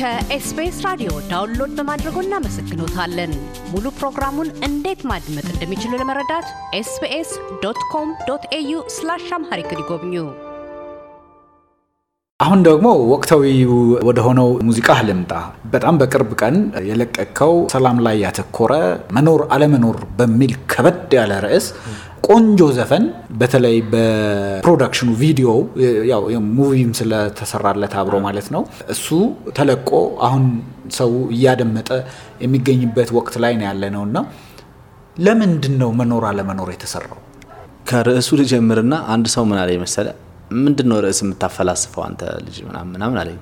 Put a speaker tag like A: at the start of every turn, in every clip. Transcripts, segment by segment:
A: ከኤስቢኤስ ራዲዮ ዳውንሎድ በማድረጎ እናመሰግኖታለን። ሙሉ ፕሮግራሙን እንዴት ማድመጥ እንደሚችሉ ለመረዳት ኤስቢኤስ ዶት ኮም ዶት ኤዩ ስላሽ አምሃሪክ ይጎብኙ። አሁን ደግሞ ወቅታዊ ወደ ሆነው ሙዚቃ ልምጣ። በጣም በቅርብ ቀን የለቀቀው ሰላም ላይ ያተኮረ መኖር አለመኖር በሚል ከበድ ያለ ርዕስ ቆንጆ ዘፈን በተለይ በፕሮዳክሽኑ ቪዲዮ ያው ሙቪም ስለተሰራለት አብሮ ማለት ነው እሱ ተለቆ አሁን ሰው እያደመጠ የሚገኝበት ወቅት ላይ ነው ያለ ነው እና ለምንድን ነው መኖር አለመኖር የተሰራው?
B: ከርዕሱ ልጀምርና አንድ ሰው ምን አለኝ መሰለ ምንድን ነው ርዕስ የምታፈላስፈው አንተ ልጅ ምናምን ምናምን አለኝ።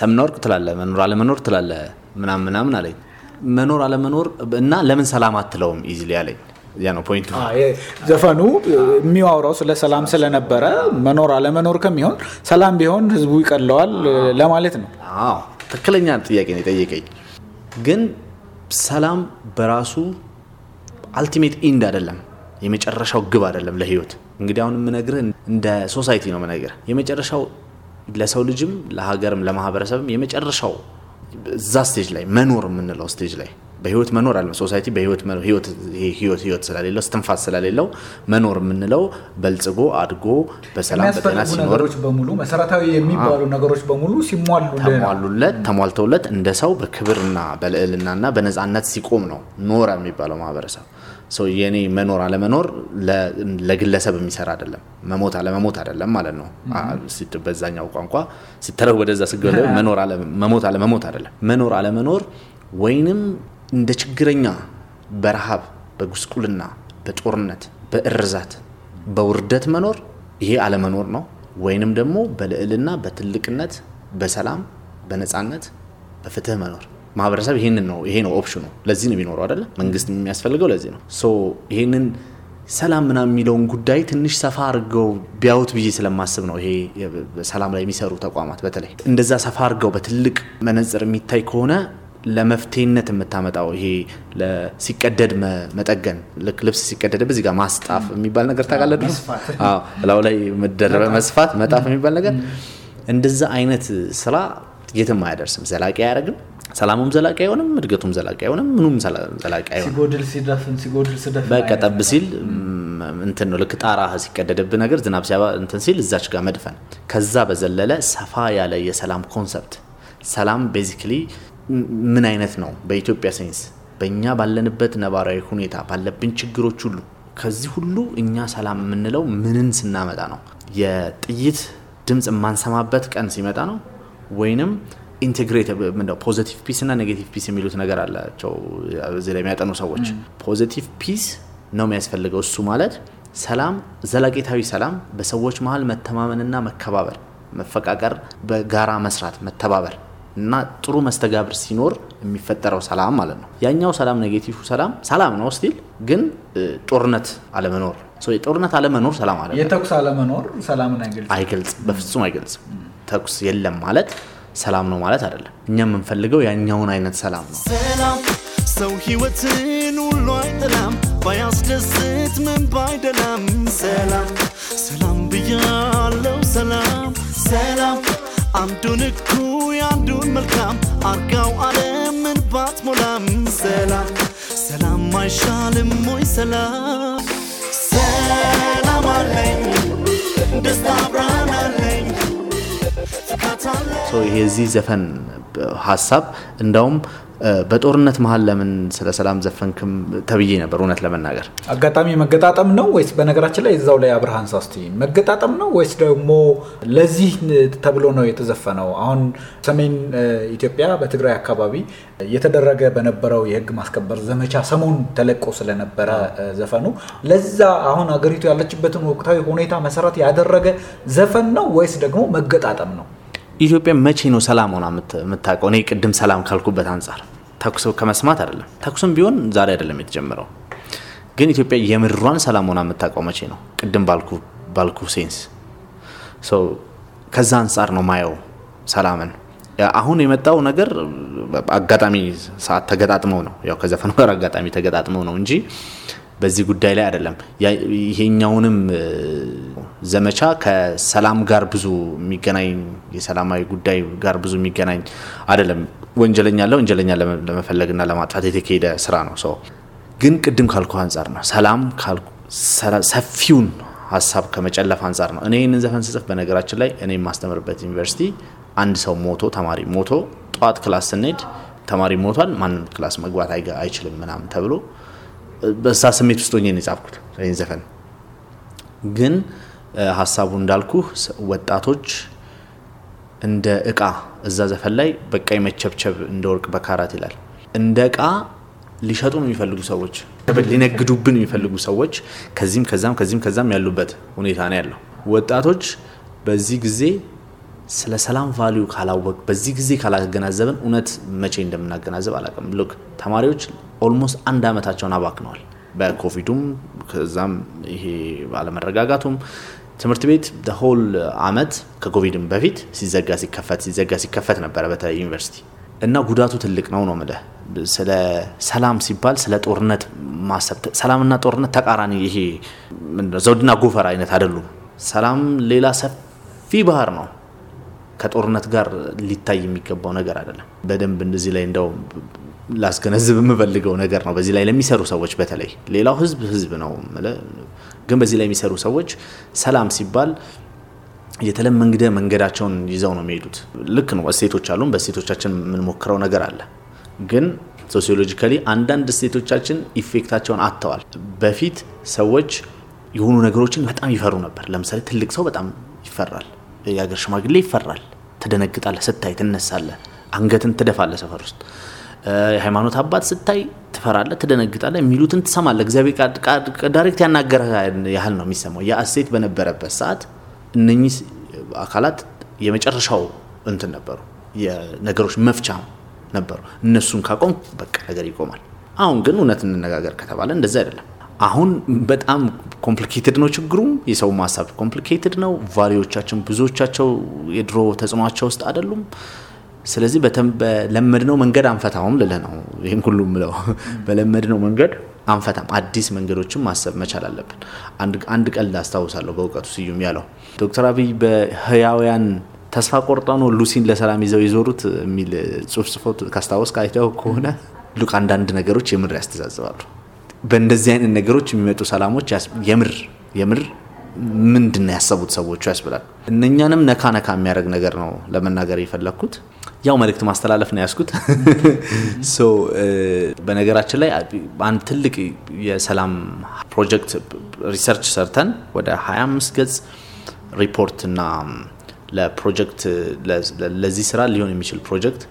B: ሰምናወርቅ ትላለ መኖር አለመኖር ትላለ ምናምን ምናምን አለኝ። መኖር
A: አለመኖር እና ለምን ሰላም አትለውም ኢዝሊ አለኝ። ያ ነው ፖይንቱ ዘፈኑ የሚዋውራው ስለ ሰላም ስለነበረ መኖር አለመኖር ከሚሆን ሰላም ቢሆን ህዝቡ ይቀለዋል ለማለት ነው ትክክለኛ ጥያቄ ነው የጠየቀኝ ግን
B: ሰላም በራሱ አልቲሜት ኢንድ አይደለም የመጨረሻው ግብ አይደለም ለህይወት እንግዲህ አሁን የምነግርህ እንደ ሶሳይቲ ነው ምነግርህ የመጨረሻው ለሰው ልጅም ለሀገርም ለማህበረሰብም የመጨረሻው እዛ ስቴጅ ላይ መኖር የምንለው ስቴጅ ላይ በህይወት መኖር አለ ሶሳይቲ በህይወት ህይወት ስለሌለው ስትንፋስ ስለሌለው መኖር የምንለው በልጽጎ አድጎ በሰላም በጤና ሲኖር
A: በሙሉ መሰረታዊ የሚባሉ ነገሮች በሙሉ ሲሟሉለት
B: ተሟልተውለት እንደ ሰው በክብርና በልዕልናና በነፃነት ሲቆም ነው ኖረ የሚባለው ማህበረሰብ ሰው የኔ መኖር አለመኖር ለግለሰብ የሚሰራ አይደለም፣ መሞት አለመሞት አይደለም ማለት ነው። በዛኛው ቋንቋ ሲተረው ወደዛ ስገ መኖር አለመሞት አይደለም። መኖር አለመኖር ወይንም እንደ ችግረኛ በረሃብ፣ በጉስቁልና፣ በጦርነት፣ በእርዛት፣ በውርደት መኖር ይሄ አለመኖር ነው። ወይንም ደግሞ በልዕልና፣ በትልቅነት፣ በሰላም፣ በነፃነት፣ በፍትህ መኖር ማህበረሰብ ይሄንን ነው ይሄ ነው ኦፕሽኑ። ለዚህ ነው የሚኖረው አይደለ? መንግስት የሚያስፈልገው ለዚህ ነው። ሶ ይሄንን ሰላም ምናምን የሚለውን ጉዳይ ትንሽ ሰፋ አድርገው ቢያዩት ብዬ ስለማስብ ነው። ይሄ ሰላም ላይ የሚሰሩ ተቋማት በተለይ እንደዛ ሰፋ አድርገው በትልቅ መነጽር የሚታይ ከሆነ ለመፍትሄነት የምታመጣው ይሄ ሲቀደድ መጠገን ልክ ልብስ ሲቀደድ በዚህ ጋር ማስጣፍ የሚባል ነገር ታውቃለህ ላው ላይ መደረበ መስፋት መጣፍ የሚባል ነገር እንደዛ አይነት ስራ የትም አያደርስም ዘላቂ አያደረግም ሰላሙም ዘላቂ አይሆንም እድገቱም ዘላቂ አይሆንም ምኑም ዘላቂ አይሆንም ሲል እንትን ነው ልክ ጣራ ሲቀደድብ ነገር ዝናብ ሲያባ እንትን ሲል እዛች ጋር መድፈን ከዛ በዘለለ ሰፋ ያለ የሰላም ኮንሰፕት ሰላም ቤዚክሊ ምን አይነት ነው በኢትዮጵያ ሳይንስ በእኛ ባለንበት ነባራዊ ሁኔታ ባለብን ችግሮች ሁሉ ከዚህ ሁሉ እኛ ሰላም የምንለው ምንን ስናመጣ ነው? የጥይት ድምፅ የማንሰማበት ቀን ሲመጣ ነው ወይንም ኢንቴግሬት ፖዘቲቭ ፒስ እና ኔጌቲቭ ፒስ የሚሉት ነገር አላቸው። እዚህ ላይ የሚያጠኑ ሰዎች ፖዘቲቭ ፒስ ነው የሚያስፈልገው። እሱ ማለት ሰላም፣ ዘላቄታዊ ሰላም፣ በሰዎች መሀል መተማመንና መከባበር፣ መፈቃቀር፣ በጋራ መስራት፣ መተባበር እና ጥሩ መስተጋብር ሲኖር የሚፈጠረው ሰላም ማለት ነው። ያኛው ሰላም ኔጌቲቭ ሰላም ሰላም ነው ስቲል፣ ግን ጦርነት አለመኖር፣ የጦርነት አለመኖር ሰላም አለ። የተኩስ
A: አለመኖር ሰላምን
B: አይገልጽም፣ በፍጹም አይገልጽም። ተኩስ የለም ማለት ሰላም ነው ማለት አይደለም። እኛ የምንፈልገው ያኛውን አይነት ሰላም ነው። ሰላም ሰው ህይወትን ሁሉ አይጠላም፣ ባያስደስት ምን ባይደላም፣ ሰላም ሰላም ብያለው፣ ሰላም ሰላም አንዱን እኩ አንዱን መልካም አርጋው ዓለምን ባትሞላም ሰላም ሰላም አይሻልም ወይ ሰላም ሰላም አለኝ ደስታ ብርሃን አለኝ ይሄ የዚህ ዘፈን ሀሳብ እንዳውም በጦርነት መሀል ለምን ስለ ሰላም ዘፈንክም ተብዬ ነበር። እውነት ለመናገር
A: አጋጣሚ መገጣጠም ነው ወይስ? በነገራችን ላይ እዛው ላይ አብርሃን ሳስቲ መገጣጠም ነው ወይስ ደግሞ ለዚህ ተብሎ ነው የተዘፈነው? አሁን ሰሜን ኢትዮጵያ በትግራይ አካባቢ የተደረገ በነበረው የህግ ማስከበር ዘመቻ ሰሞን ተለቆ ስለነበረ ዘፈኑ ለዛ አሁን አገሪቱ ያለችበትን ወቅታዊ ሁኔታ መሰረት ያደረገ ዘፈን ነው ወይስ ደግሞ መገጣጠም ነው?
B: ኢትዮጵያ መቼ ነው ሰላም ሆና የምታውቀው? እኔ ቅድም ሰላም ካልኩበት አንጻር ተኩስ ከመስማት አይደለም። ተኩስም ቢሆን ዛሬ አይደለም የተጀመረው። ግን ኢትዮጵያ የምድሯን ሰላም ሆና የምታውቀው መቼ ነው? ቅድም ባልኩ ሴንስ ከዛ አንጻር ነው ማየው ሰላምን። አሁን የመጣው ነገር አጋጣሚ ሰዓት ተገጣጥመው ነው ያው ከዘፈኑ ጋር አጋጣሚ ተገጣጥመው ነው እንጂ በዚህ ጉዳይ ላይ አይደለም። ይሄኛውንም ዘመቻ ከሰላም ጋር ብዙ የሚገናኝ የሰላማዊ ጉዳይ ጋር ብዙ የሚገናኝ አይደለም። ወንጀለኛ ወንጀለኛ ለመፈለግና ለማጥፋት የተካሄደ ስራ ነው። ሰው ግን ቅድም ካልኩ አንጻር ነው ሰላም ሰፊውን ሀሳብ ከመጨለፍ አንጻር ነው። እኔ ይህንን ዘፈን ስጽፍ በነገራችን ላይ እኔ የማስተምርበት ዩኒቨርሲቲ አንድ ሰው ሞቶ ተማሪ ሞቶ ጠዋት ክላስ ስንሄድ ተማሪ ሞቷል፣ ማንም ክላስ መግባት አይችልም ምናምን ተብሎ በዛ ስሜት ውስጥ ሆኜ ነው የጻፍኩት ይህን ዘፈን። ግን ሀሳቡ እንዳልኩ ወጣቶች እንደ እቃ እዛ ዘፈን ላይ በቃ የመቸብቸብ እንደ ወርቅ በካራት ይላል። እንደ እቃ ሊሸጡን የሚፈልጉ ሰዎች፣ ሊነግዱብን የሚፈልጉ ሰዎች ከዚህም ከዛም ከዚህም ከዛም ያሉበት ሁኔታ ነው ያለው። ወጣቶች በዚህ ጊዜ ስለ ሰላም ቫሊዩ ካላወቅ በዚህ ጊዜ ካላገናዘብን እውነት መቼ እንደምናገናዘብ አላውቅም። ልክ ተማሪዎች ኦልሞስት አንድ አመታቸውን አባክነዋል። በኮቪዱም ከዛም ይሄ አለመረጋጋቱም ትምህርት ቤት ሆል አመት ከኮቪድም በፊት ሲዘጋ ሲከፈት ሲዘጋ ሲከፈት ነበረ በተለይ ዩኒቨርሲቲ እና ጉዳቱ ትልቅ ነው ነው ምልህ። ስለ ሰላም ሲባል ስለ ጦርነት ማሰብ ሰላምና ጦርነት ተቃራኒ ይሄ ዘውድና ጎፈር አይነት አይደሉም። ሰላም ሌላ ሰፊ ባህር ነው። ከጦርነት ጋር ሊታይ የሚገባው ነገር አይደለም። በደንብ እንደዚህ ላይ እንደው ላስገነዝብ የምፈልገው ነገር ነው። በዚህ ላይ ለሚሰሩ ሰዎች በተለይ ሌላው ህዝብ ህዝብ ነው፣ ግን በዚህ ላይ የሚሰሩ ሰዎች ሰላም ሲባል የተለመንግደ መንገዳቸውን ይዘው ነው የሚሄዱት። ልክ ነው። እሴቶች አሉን። በእሴቶቻችን የምንሞክረው ነገር አለ ግን ሶሲዮሎጂካሊ አንዳንድ እሴቶቻችን ኢፌክታቸውን አጥተዋል። በፊት ሰዎች የሆኑ ነገሮችን በጣም ይፈሩ ነበር። ለምሳሌ ትልቅ ሰው በጣም ይፈራል። የአገር ሽማግሌ ይፈራል። ትደነግጣለህ፣ ስታይ ትነሳለህ፣ አንገትን ትደፋለህ። ሰፈር ውስጥ የሃይማኖት አባት ስታይ ትፈራለህ፣ ትደነግጣለህ፣ የሚሉትን ትሰማለህ። እግዚአብሔር ዳይሬክት ያናገረ ያህል ነው የሚሰማው። ያ እሴት በነበረበት ሰዓት እነኚህ አካላት የመጨረሻው እንትን ነበሩ፣ የነገሮች መፍቻ ነበሩ። እነሱን ካቆም በቃ ነገር ይቆማል። አሁን ግን እውነት እንነጋገር ከተባለ እንደዛ አይደለም። አሁን በጣም ኮምፕሊኬትድ ነው ችግሩም። የሰው ማሳብ ኮምፕሊኬትድ ነው። ቫሊዎቻችን ብዙዎቻቸው የድሮ ተጽዕኖቸው ውስጥ አይደሉም። ስለዚህ በለመድነው መንገድ አንፈታውም ልልህ ነው። ይህን ሁሉ ምለው በለመድነው መንገድ አንፈታም። አዲስ መንገዶችን ማሰብ መቻል አለብን። አንድ ቀልድ ላስታውሳለሁ በእውቀቱ ስዩም ያለው ዶክተር አብይ በህያውያን ተስፋ ቆርጠው ነው ሉሲን ለሰላም ይዘው የዞሩት የሚል ጽሁፍ ጽፎት ካስታወስ ካይተው ከሆነ ሉቅ አንዳንድ ነገሮች የምድር ያስተዛዝባሉ። በእንደዚህ አይነት ነገሮች የሚመጡ ሰላሞች የምር የምር ምንድን ነው ያሰቡት ሰዎቹ ያስብላል። እነኛንም ነካ ነካ የሚያደርግ ነገር ነው ለመናገር የፈለግኩት። ያው መልእክት ማስተላለፍ ነው ያስኩት። በነገራችን ላይ አንድ ትልቅ የሰላም ፕሮጀክት ሪሰርች ሰርተን ወደ 25 ገጽ ሪፖርት እና ለፕሮጀክት ለዚህ ስራ ሊሆን የሚችል ፕሮጀክት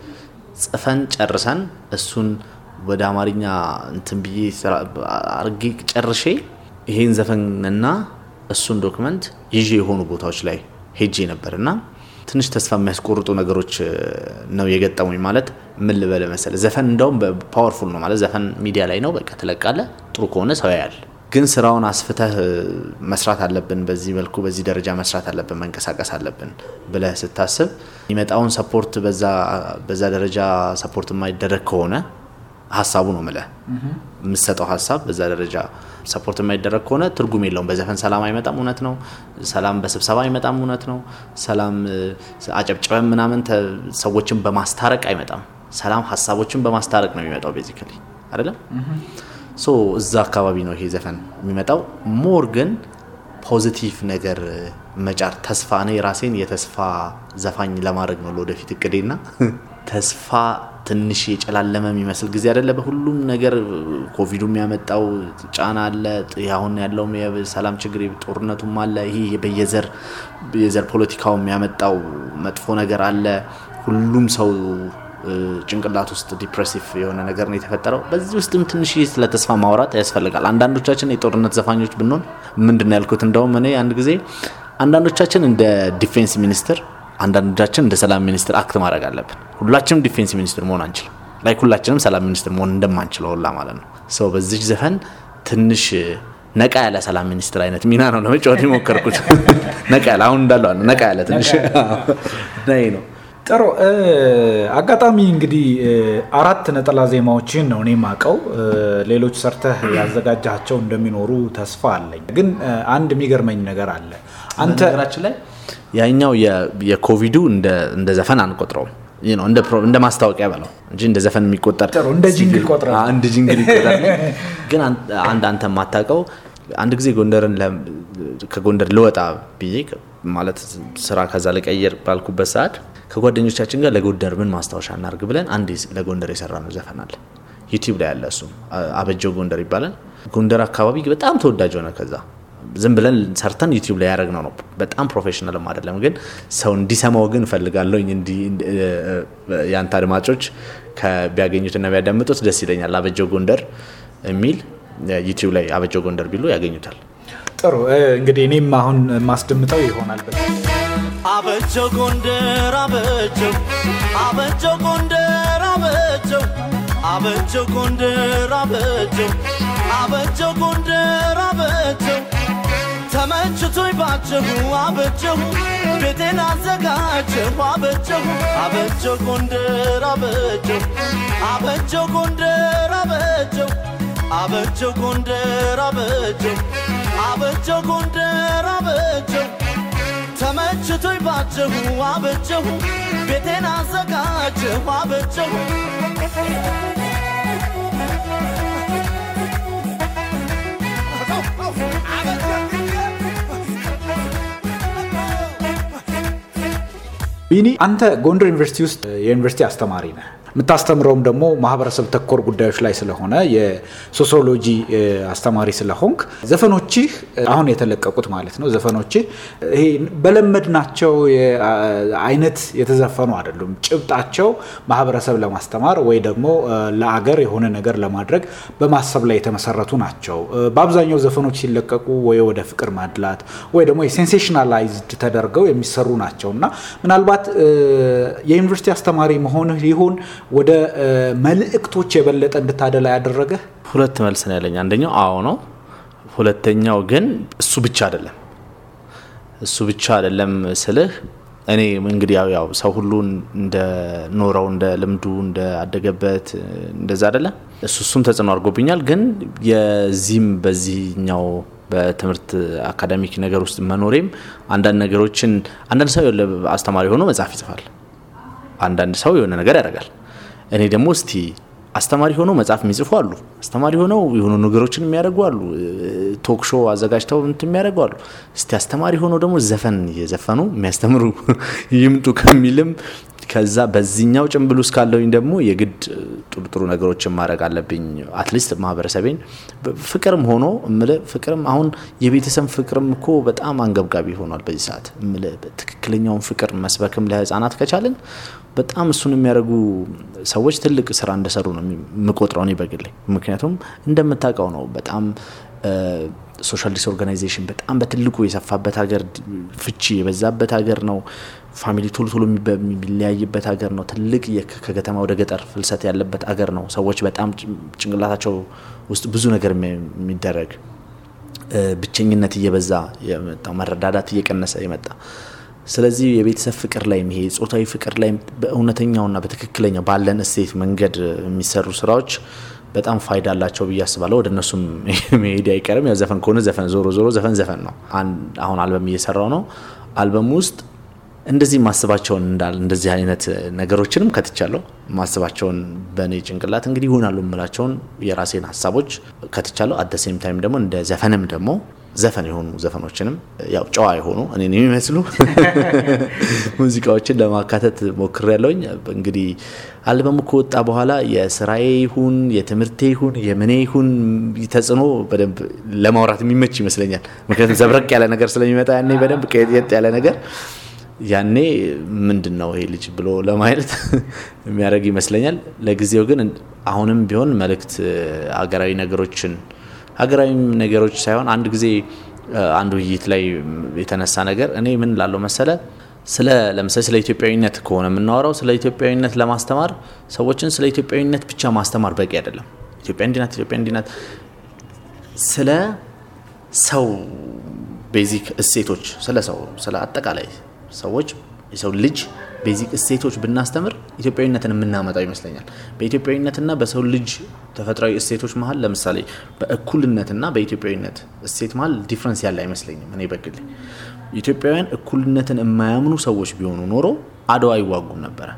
B: ጽፈን ጨርሰን እሱን ወደ አማርኛ እንትን ብዬ አርጌ ጨርሼ ይሄን ዘፈንና እሱን ዶክመንት ይዤ የሆኑ ቦታዎች ላይ ሄጄ ነበር እና ትንሽ ተስፋ የሚያስቆርጡ ነገሮች ነው የገጠሙኝ። ማለት ምን ልበለ መሰለ ዘፈን እንደውም ፓወርፉል ነው ማለት ዘፈን ሚዲያ ላይ ነው በቃ ትለቃለህ፣ ጥሩ ከሆነ ሰው ያያል። ግን ስራውን አስፍተህ መስራት አለብን፣ በዚህ መልኩ በዚህ ደረጃ መስራት አለብን፣ መንቀሳቀስ አለብን ብለህ ስታስብ የሚመጣውን ሰፖርት በዛ ደረጃ ሰፖርት የማይደረግ ከሆነ ሀሳቡ ነው ምለ የምትሰጠው ሀሳብ በዛ ደረጃ ሰፖርት የማይደረግ ከሆነ ትርጉም የለውም። በዘፈን ሰላም አይመጣም፣ እውነት ነው። ሰላም በስብሰባ አይመጣም፣ እውነት ነው። ሰላም አጨብጭበን ምናምን ሰዎችን በማስታረቅ አይመጣም። ሰላም ሀሳቦችን በማስታረቅ ነው የሚመጣው ቤዚካሊ አይደለም። ሶ እዛ አካባቢ ነው ይሄ ዘፈን የሚመጣው። ሞር ግን ፖዚቲቭ ነገር መጫር ተስፋ እኔ ራሴን የተስፋ ዘፋኝ ለማድረግ ነው ለወደፊት እቅዴና ተስፋ ትንሽ የጨላለመ የሚመስል ጊዜ አደለ። በሁሉም ነገር ኮቪዱ ያመጣው ጫና አለ። አሁን ያለውም የሰላም ችግር ጦርነቱም አለ። ይህ በየዘር የዘር ፖለቲካው የሚያመጣው መጥፎ ነገር አለ። ሁሉም ሰው ጭንቅላት ውስጥ ዲፕሬሲቭ የሆነ ነገር ነው የተፈጠረው። በዚህ ውስጥም ትንሽ ስለ ተስፋ ማውራት ያስፈልጋል። አንዳንዶቻችን የጦርነት ዘፋኞች ብንሆን ምንድን ነው ያልኩት? እንደውም እኔ አንድ ጊዜ አንዳንዶቻችን እንደ ዲፌንስ ሚኒስትር አንዳንዶቻችን እንደ ሰላም ሚኒስትር አክት ማድረግ አለብን። ሁላችንም ዲፌንስ ሚኒስትር መሆን አንችልም። ላይ ሁላችንም ሰላም ሚኒስትር መሆን እንደማንችለው ሁላ ማለት ነው። ሰው በዚች ዘፈን ትንሽ ነቃ ያለ ሰላም ሚኒስትር አይነት ሚና ነው ለመጫወት የሞከርኩት። ነቃ ያለ አሁን እንዳለ ነቃ ያለ ትንሽ ነው።
A: ጥሩ አጋጣሚ እንግዲህ አራት ነጠላ ዜማዎችን ነው እኔ ማቀው። ሌሎች ሰርተህ ያዘጋጃቸው እንደሚኖሩ ተስፋ አለኝ። ግን አንድ የሚገርመኝ ነገር አለ አንተ ነገራችን ላይ
B: ያኛው የኮቪዱ እንደ ዘፈን አንቆጥረውም እንደ ማስታወቂያ በለው እንጂ እንደ ዘፈን የሚቆጠር እንደ ይቆጠር ግን አንድ አንተ የማታውቀው አንድ ጊዜ ጎንደርን ከጎንደር ልወጣ ብዬ ማለት ስራ ከዛ ልቀይር ባልኩበት ሰዓት ከጓደኞቻችን ጋር ለጎንደር ምን ማስታወሻ እናርግ ብለን አንድ ለጎንደር የሰራ ነው ዘፈን አለ ዩቲብ ላይ ያለ እሱም አበጀው ጎንደር ይባላል ጎንደር አካባቢ በጣም ተወዳጅ ሆነ ከዛ ዝም ብለን ሰርተን ዩቲዩብ ላይ ያደረግነው ነው። በጣም ፕሮፌሽናልም አይደለም፣ ግን ሰው እንዲሰማው ግን እፈልጋለሁ። የአንተ አድማጮች ቢያገኙትና ቢያዳምጡት ደስ ይለኛል። አበጀው ጎንደር የሚል ዩቲዩብ ላይ አበጀው ጎንደር ቢሉ ያገኙታል።
A: ጥሩ እንግዲህ እኔም አሁን ማስደምጠው ይሆናል።
B: አበጀው ጎንደር አበጀው አበጀው ጎንደር አበጀው አበጀው ጎንደር አበጀው አበጀው ጎንደር አበጀው ተመችቶኝ ባጭሩ አበጀሁ ቤቴን አዘጋጀሁ አበጀሁ አበጀሁ ጎንደር አበጀሁ አበጀሁ ጎንደር አበጀሁ አበጀሁ ጎንደር አበጀሁ አበጀሁ ጎንደር አበጀሁ ተመችቶኝ ባጭሩ አበጀሁ ቤቴን አዘጋጀሁ አበጀሁ
A: ቢኒ አንተ ጎንደር ዩኒቨርሲቲ ውስጥ የዩኒቨርሲቲ አስተማሪ ነህ የምታስተምረውም ደግሞ ማህበረሰብ ተኮር ጉዳዮች ላይ ስለሆነ የሶሲዮሎጂ አስተማሪ ስለሆንክ ዘፈኖችህ አሁን የተለቀቁት ማለት ነው ዘፈኖችህ ይሄ በለመድናቸው አይነት የተዘፈኑ አይደሉም። ጭብጣቸው ማህበረሰብ ለማስተማር ወይ ደግሞ ለአገር የሆነ ነገር ለማድረግ በማሰብ ላይ የተመሰረቱ ናቸው። በአብዛኛው ዘፈኖች ሲለቀቁ ወይ ወደ ፍቅር ማድላት ወይ ደግሞ የሴንሴሽናላይዝድ ተደርገው የሚሰሩ ናቸው እና ምናልባት የዩኒቨርሲቲ አስተማሪ መሆንህ ይሁን ወደ መልእክቶች የበለጠ እንድታደላ ያደረገ
B: ሁለት መልስ ነው ያለኝ። አንደኛው አዎ ነው። ሁለተኛው ግን እሱ ብቻ አይደለም እሱ ብቻ አይደለም ስልህ እኔ እንግዲህ ያው ያው ሰው ሁሉ እንደ ኖረው እንደ ልምዱ እንደ አደገበት እንደዛ አይደለ እሱ እሱም ተጽዕኖ አድርጎብኛል። ግን የዚህም በዚህኛው በትምህርት አካዳሚክ ነገር ውስጥ መኖሬም አንዳንድ ነገሮችን አንዳንድ ሰው አስተማሪ ሆኖ መጽሐፍ ይጽፋል። አንዳንድ ሰው የሆነ ነገር ያደርጋል። እኔ ደግሞ እስቲ አስተማሪ ሆነው መጽሐፍ የሚጽፉ አሉ። አስተማሪ ሆነው የሆኑ ነገሮችን የሚያደርጉ አሉ። ቶክ አዘጋጅተው እንትን የሚያደርጉ አሉ። እስቲ አስተማሪ ሆነው ደግሞ ዘፈን እየዘፈኑ የሚያስተምሩ ይምጡ ከሚልም ከዛ በዚህኛው ጭንብል ውስጥ ካለውኝ ደግሞ የግድ ጥሩ ጥሩ ነገሮችን ማድረግ አለብኝ። አትሊስት ማህበረሰቤን ፍቅርም ሆኖ ፍቅርም አሁን የቤተሰብ ፍቅርም እኮ በጣም አንገብጋቢ ሆኗል በዚህ ሰዓት ትክክለኛውን ፍቅር መስበክም ለህፃናት ከቻልን በጣም እሱን የሚያደርጉ ሰዎች ትልቅ ስራ እንደሰሩ ነው የምቆጥረው እኔ በግሌ። ምክንያቱም እንደምታውቀው ነው በጣም ሶሻል ኦርጋናይዜሽን በጣም በትልቁ የሰፋበት ሀገር፣ ፍቺ የበዛበት ሀገር ነው። ፋሚሊ ቶሎ ቶሎ የሚለያይበት ሀገር ነው። ትልቅ ከከተማ ወደ ገጠር ፍልሰት ያለበት ሀገር ነው። ሰዎች በጣም ጭንቅላታቸው ውስጥ ብዙ ነገር የሚደረግ ብቸኝነት እየበዛ የመጣ መረዳዳት እየቀነሰ የመጣ ስለዚህ የቤተሰብ ፍቅር ላይ ይሄ ጾታዊ ፍቅር ላይ በእውነተኛውና በትክክለኛው ባለን እሴት መንገድ የሚሰሩ ስራዎች በጣም ፋይዳ አላቸው ብዬ አስባለሁ። ወደ እነሱም መሄድ አይቀርም። ያው ዘፈን ከሆነ ዘፈን ዞሮ ዞሮ ዘፈን ዘፈን ነው። አሁን አልበም እየሰራው ነው። አልበም ውስጥ እንደዚህ ማስባቸውን እንዳል እንደዚህ አይነት ነገሮችንም ከትቻለሁ። ማስባቸውን በእኔ ጭንቅላት እንግዲህ ይሆናሉ የምላቸውን የራሴን ሀሳቦች ከትቻለሁ። አደሴም ታይም ደግሞ እንደ ዘፈንም ደግሞ ዘፈን የሆኑ ዘፈኖችንም ያው ጨዋ የሆኑ እኔ የሚመስሉ ሙዚቃዎችን ለማካተት ሞክር ያለውኝ እንግዲህ አልበሙ ከወጣ በኋላ የስራዬ ይሁን የትምህርቴ ይሁን የምኔ ይሁን ተጽዕኖ በደንብ ለማውራት የሚመች ይመስለኛል። ምክንያቱም ዘብረቅ ያለ ነገር ስለሚመጣ ያኔ በደንብ ቀየጥ ያለ ነገር ያኔ ምንድን ነው ይሄ ልጅ ብሎ ለማየት የሚያደርግ ይመስለኛል። ለጊዜው ግን አሁንም ቢሆን መልእክት አገራዊ ነገሮችን ሀገራዊ ነገሮች ሳይሆን አንድ ጊዜ አንድ ውይይት ላይ የተነሳ ነገር እኔ ምን ላለው መሰለ ስለ ለምሳሌ ስለ ኢትዮጵያዊነት ከሆነ የምናወራው ስለ ኢትዮጵያዊነት ለማስተማር ሰዎችን ስለ ኢትዮጵያዊነት ብቻ ማስተማር በቂ አይደለም። ኢትዮጵያ እንዲናት ኢትዮጵያ እንዲናት ስለ ሰው ቤዚክ እሴቶች ስለ ሰው ስለ አጠቃላይ ሰዎች የሰው ልጅ ቤዚክ እሴቶች ብናስተምር ኢትዮጵያዊነትን የምናመጣው ይመስለኛል። በኢትዮጵያዊነትና በሰው ልጅ ተፈጥሯዊ እሴቶች መሀል ለምሳሌ በእኩልነትና በኢትዮጵያዊነት እሴት መሀል ዲፍረንስ ያለ አይመስለኝም። እኔ በግል ኢትዮጵያውያን እኩልነትን የማያምኑ ሰዎች ቢሆኑ ኖሮ አድዋ ይዋጉም ነበረ።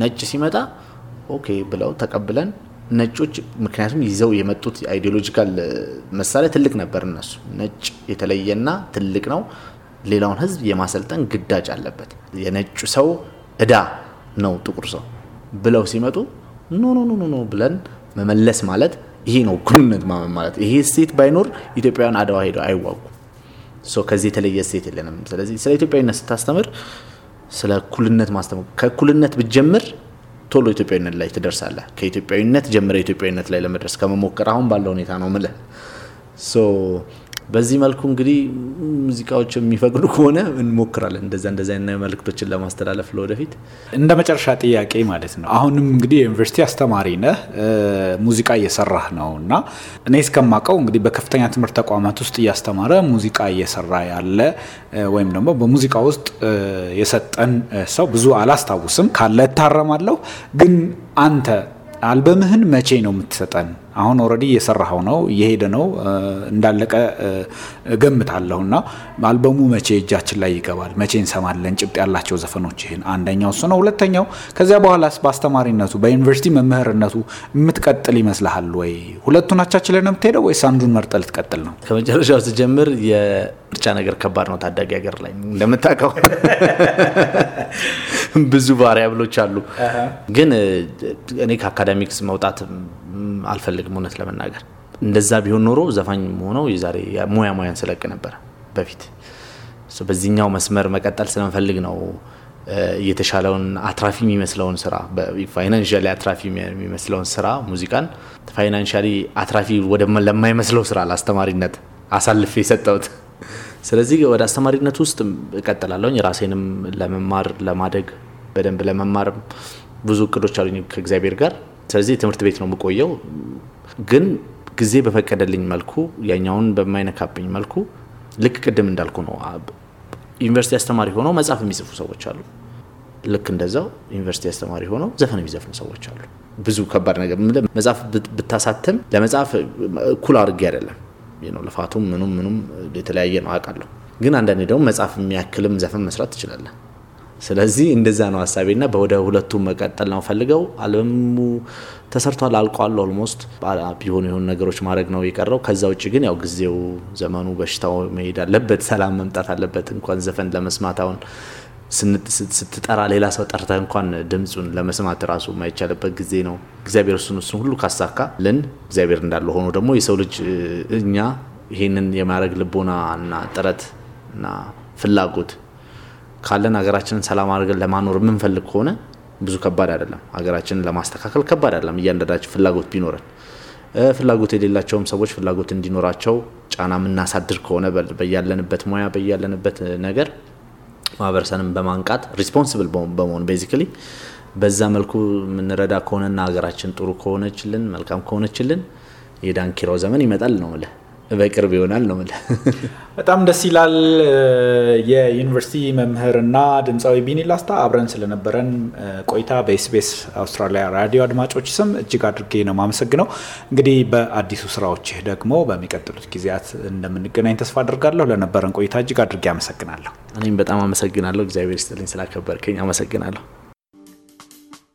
B: ነጭ ሲመጣ ኦኬ ብለው ተቀብለን ነጮች ምክንያቱም ይዘው የመጡት አይዲዮሎጂካል መሳሪያ ትልቅ ነበር። እነሱ ነጭ የተለየና ትልቅ ነው ሌላውን ህዝብ የማሰልጠን ግዳጅ አለበት። የነጩ ሰው እዳ ነው ጥቁር ሰው ብለው ሲመጡ ኖ ኖ ኖ ኖ ብለን መመለስ ማለት ይሄ ነው እኩልነት ማመን ማለት። ይሄ እሴት ባይኖር ኢትዮጵያውያን አድዋ ሄደው አይዋጉም። ከዚህ የተለየ እሴት የለንም። ስለዚህ ስለ ኢትዮጵያዊነት ስታስተምር ስለ እኩልነት ማስተምር ከእኩልነት ብጀምር ቶሎ ኢትዮጵያዊነት ላይ ትደርሳለ። ከኢትዮጵያዊነት ጀምረ ኢትዮጵያዊነት ላይ ለመድረስ ከመሞከር አሁን ባለው ሁኔታ ነው ምልህ በዚህ መልኩ እንግዲህ
A: ሙዚቃዎች የሚፈቅዱ ከሆነ እንሞክራለን እንደዚ እንደዚ አይነት መልክቶችን ለማስተላለፍ ለወደፊት። እንደ መጨረሻ ጥያቄ ማለት ነው። አሁንም እንግዲህ የዩኒቨርሲቲ አስተማሪ ነህ፣ ሙዚቃ እየሰራህ ነው እና እኔ እስከማቀው እንግዲህ በከፍተኛ ትምህርት ተቋማት ውስጥ እያስተማረ ሙዚቃ እየሰራ ያለ ወይም ደግሞ በሙዚቃ ውስጥ የሰጠን ሰው ብዙ አላስታውስም። ካለ እታረማለሁ። ግን አንተ አልበምህን መቼ ነው የምትሰጠን? አሁን ኦልሬዲ እየሰራኸው ነው እየሄደ ነው እንዳለቀ እገምታለሁ። እና አልበሙ መቼ እጃችን ላይ ይገባል? መቼ እንሰማለን? ጭብጥ ያላቸው ዘፈኖች ይህን አንደኛው እሱ ነው። ሁለተኛው ከዚያ በኋላስ በአስተማሪነቱ በዩኒቨርሲቲ መምህርነቱ የምትቀጥል ይመስልሃል ወይ? ሁለቱን አቻችለን ነው የምትሄደው ወይስ አንዱን መርጠ ልትቀጥል ነው? ከመጨረሻው
B: ስጀምር የምርጫ ነገር ከባድ ነው ታዳጊ ሀገር ላይ እንደምታውቀው ብዙ ቫሪያብሎች አሉ። ግን እኔ ከአካዳሚክስ መውጣት አልፈልግም እውነት ለመናገር እንደዛ ቢሆን ኖሮ ዘፋኝ ሆነው የዛሬ ሙያ ሙያን ስለቅ ነበር በፊት። በዚህኛው መስመር መቀጠል ስለምፈልግ ነው የተሻለውን አትራፊ የሚመስለውን ስራ ፋይናንሻሊ አትራፊ የሚመስለውን ስራ ሙዚቃን ፋይናንሻሊ አትራፊ ወደ ለማይመስለው ስራ ለአስተማሪነት አሳልፌ የሰጠውት ስለዚህ ወደ አስተማሪነት ውስጥ እቀጥላለሁኝ። ራሴንም ለመማር ለማደግ በደንብ ለመማር ብዙ እቅዶች አሉኝ ከእግዚአብሔር ጋር። ስለዚህ ትምህርት ቤት ነው የምቆየው፣ ግን ጊዜ በፈቀደልኝ መልኩ ያኛውን በማይነካብኝ መልኩ ልክ ቅድም እንዳልኩ ነው። ዩኒቨርሲቲ አስተማሪ ሆነው መጽሐፍ የሚጽፉ ሰዎች አሉ። ልክ እንደዛው ዩኒቨርሲቲ አስተማሪ ሆነው ዘፈን የሚዘፍኑ ሰዎች አሉ። ብዙ ከባድ ነገር መጽሐፍ ብታሳትም ለመጽሐፍ እኩል አድርጌ አይደለም ልፋቱም ምኑም ምኑም የተለያየ ነው አውቃለሁ። ግን አንዳንዴ ደግሞ መጽሐፍ የሚያክልም ዘፈን መስራት ትችላለን ስለዚህ እንደዛ ነው ና ወደ ሁለቱ መቀጠል ነው ፈልገው። አለሙ ተሰርቷል አልቋል። ኦልሞስት ቢሆኑ የሆኑ ነገሮች ማድረግ ነው የቀረው። ከዛ ውጭ ግን ያው ጊዜው፣ ዘመኑ፣ በሽታው መሄድ አለበት፣ ሰላም መምጣት አለበት። እንኳን ዘፈን ለመስማት አሁን ስትጠራ ሌላ ሰው ጠርተ እንኳን ድምፁን ለመስማት ራሱ የማይቻልበት ጊዜ ነው። እግዚአብሔር እሱን እሱን ሁሉ ካሳካ ልን እግዚአብሔር እንዳለ ሆኖ ደግሞ የሰው ልጅ እኛ ይህንን የማድረግ ልቦና እና ጥረት እና ፍላጎት ካለን ሀገራችንን ሰላም አድርገን ለማኖር የምንፈልግ ከሆነ ብዙ ከባድ አይደለም። ሀገራችንን ለማስተካከል ከባድ አይደለም። እያንዳንዳችን ፍላጎት ቢኖረን ፍላጎት የሌላቸውም ሰዎች ፍላጎት እንዲኖራቸው ጫና የምናሳድር ከሆነ በያለንበት ሙያ በያለንበት ነገር ማህበረሰብን በማንቃት ሪስፖንስብል በመሆን ቤዚካሊ በዛ መልኩ የምንረዳ ከሆነና ሀገራችን ጥሩ ከሆነችልን መልካም ከሆነችልን የዳንኪራው ዘመን ይመጣል ነው ምልህ በቅርብ ይሆናል ነው ምል
A: በጣም ደስ ይላል። የዩኒቨርሲቲ መምህርና ድምፃዊ ቢኒ ላስታ አብረን ስለነበረን ቆይታ በኤስቢኤስ አውስትራሊያ ራዲዮ አድማጮች ስም እጅግ አድርጌ ነው ማመሰግነው። እንግዲህ በአዲሱ ስራዎችህ ደግሞ በሚቀጥሉት ጊዜያት እንደምንገናኝ ተስፋ አድርጋለሁ። ለነበረን ቆይታ እጅግ አድርጌ አመሰግናለሁ። እኔም በጣም አመሰግናለሁ። እግዚአብሔር ስጥልኝ ስላከበርከኝ አመሰግናለሁ።